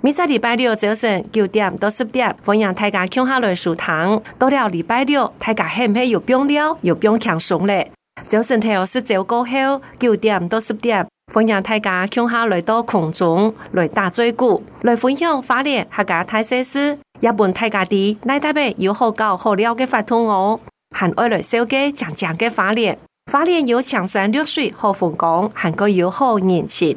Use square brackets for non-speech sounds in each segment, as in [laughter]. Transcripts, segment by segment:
每隻禮拜六早上九點到十點，歡迎大家共下來食堂。到了禮拜六，大家係唔係有病了？有病輕鬆咧。早晨頭是早膏後，九點到十點，歡迎大家共下來到空中來打喙鼓，來分享花蓮。客家特色，一般大家啲奶大輩有好舊好料嘅法通哦，含愛來燒雞講講嘅花蓮，花蓮有青山綠水好風光，含個有好年輕。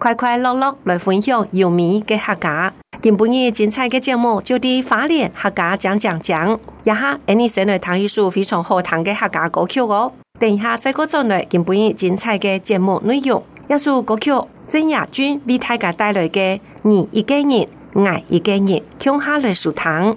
快快樂樂來分享遊迷嘅客家，今晡夜精彩嘅節目就地花蓮客家講講講。一 [noise] 下樂，等你先來談一首非常好聽嘅客家歌曲哦。等一下，再過轉來，今晡夜精彩嘅節目內容，一首歌曲曾雅君為大家帶來嘅你一個人，愛一個人，聽下來熟談。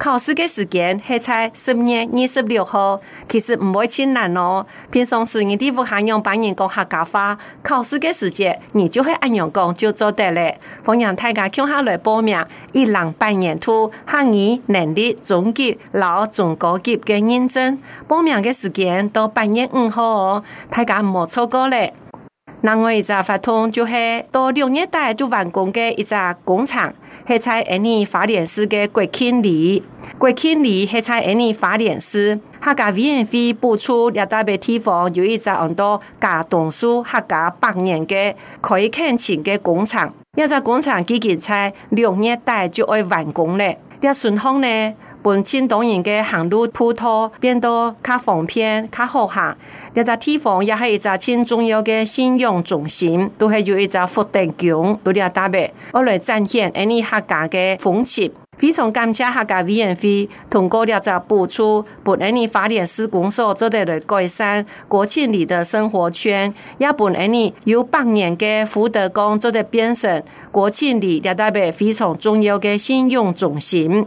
考試的時間是在十月二十六號，其實唔會咁難哦。平常時你第一步係用半年工學假法，考試的時間你就會按樣講就做得咧。歡迎大家接下來報名，一人半年度、客語能力中級、中高級的認證。報名的時間到八月五號，哦，大家唔好錯過咧。另外一個法通就是到六年底就完工的一個工廠，係在印尼花蓮市的國慶里，國慶里係在印尼花蓮市，客家委員會部署一大個地方，有一個很多茄苳樹、客家百年嘅屯墾情嘅工廠，一、那個工廠基建在六年底就愛完工咧，啲順風呢。本遷黨員嘅行路鋪頭變到較方便、較好行。這個地方也是一個挺重要的信用中心，都係有一隻福德宮都了代表。我嚟展現印尼客家的風情，非常感謝客家委員會通過呢一個補本把印發展史所做得改善國慶里的生活圈，也把印尼由百年嘅福德宮做得變成國慶里嘅代表，非常重要的信用中心。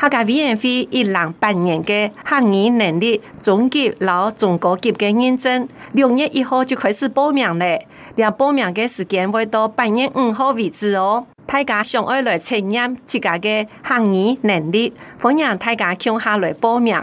客家委員會一年辦理嘅客語能力中級摎中高級的認證，六月一號就開始報名咧，連報名的時間會到八月五號為止哦。大家想要來測驗自家的客語能力，歡迎大家向下來報名。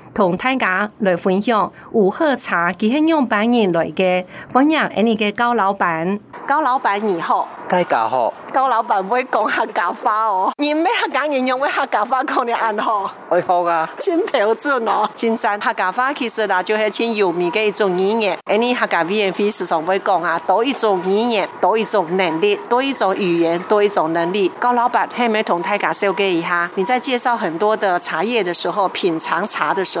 同大家來分享胡喝茶，佢係用白言來嘅。分享。A 呢嘅高老闆，高老闆你好。大家好。高老闆會講客家話哦。你咩客家人用咩客家話講咧？安好。誒好啊。真標準哦。真讚，客家話其實啦，就係很有名嘅一種語言。A 呢客家語言會時常會講啊，多一種語言，多一種能力，多一種語言，多一種能力。高老闆係咪同大家介紹一下。你在介紹很多的茶葉的時候，品嘗茶的時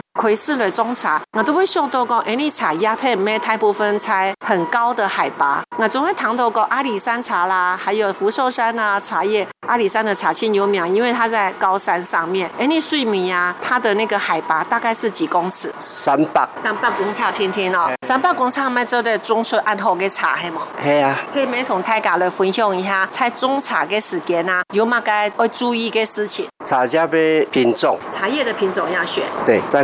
葵士來種茶，我都會想到講，any、欸、茶葉配沒太部分菜很高的海拔。我總會談到過阿里山茶啦，還有福壽山啊茶葉。阿里山的茶青有名？因為它在高山上面。n、欸、你水眠啊，它的那個海拔大概是幾公尺？三百。三百公尺，聽聽咯、哦。哎、三百公尺，買做得中安的種出安好嘅茶係冇？係啊。可以買同大家來分享一下，採種茶嘅時間啊。有嘛該要注意嘅事情？茶葉嘅品種，茶葉的品種要選。對，在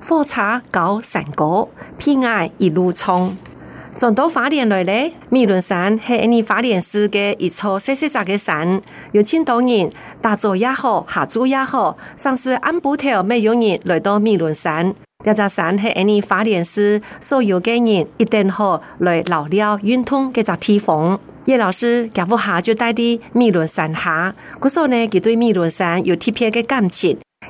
火車到山歌，平安一路衝。從到花蓮來咧，美崙山係印尼花蓮市個，一座細細窄嘅山。有青島人，大早也好，下早也好，上次安補特沒每人來到美崙山。這座山係印尼花蓮市所有嘅人一定好來老了，運通嘅個地方。葉老師腳我下就帶的美崙山下，可說呢，佢對美崙山有特別的感情。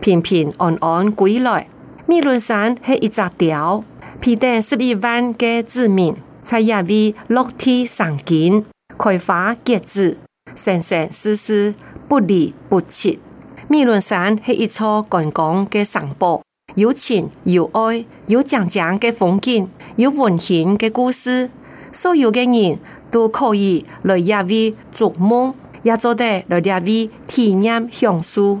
平平安安歸來。美崙山是一座碉堡，批得十一萬的子民，在雅里落地生根、開花結籽、生生世世不離不棄。美崙山是一座觀光的城堡，有情有愛有長長嘅風景，有溫馨嘅故事，所有嘅人都可以來雅里築夢，也做得來雅里體驗享受。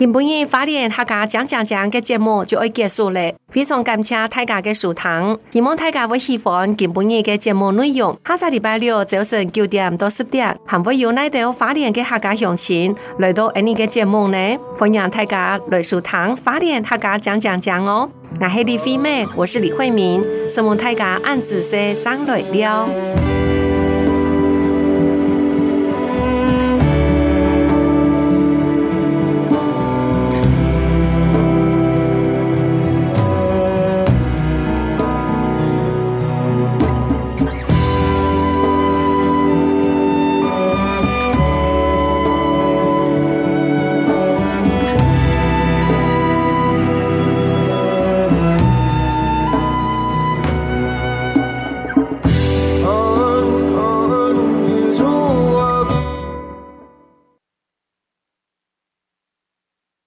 今晡日花蓮客家講講講嘅節目就愛結束了。非常感謝大家的收聽，希望大家會喜歡今晡日嘅節目內容。下個禮拜六早上九點到十點，還會有呢道花蓮的客家鄉親來到 A 呢嘅節目呢，歡迎大家來收聽花蓮客家講講講哦。啊、Man, 我是李惠敏，希望大家按時食朝了。